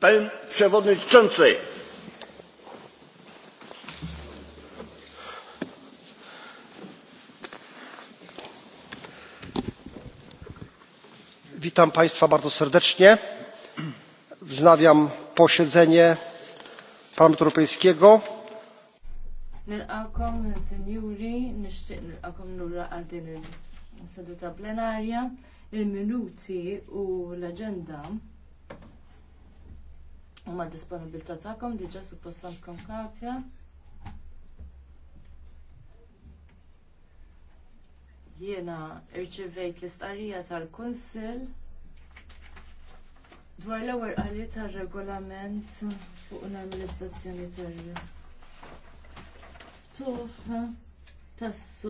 Panie Przewodniczący! Witam Państwa bardzo serdecznie. Wznawiam posiedzenie Parlamentu Europejskiego. Nilqakom, senjuri, nishtiq nilqakom nura għal din seduta plenarja, il-minuti u l-agenda u ma disponibilta ta'kom diġa suppostantkom kapja. Jiena irċivejt l istarija tal-Kunsil dwar l-ewwel qali tar-regolament fuq normalizzazzjoni tar-tuħ tas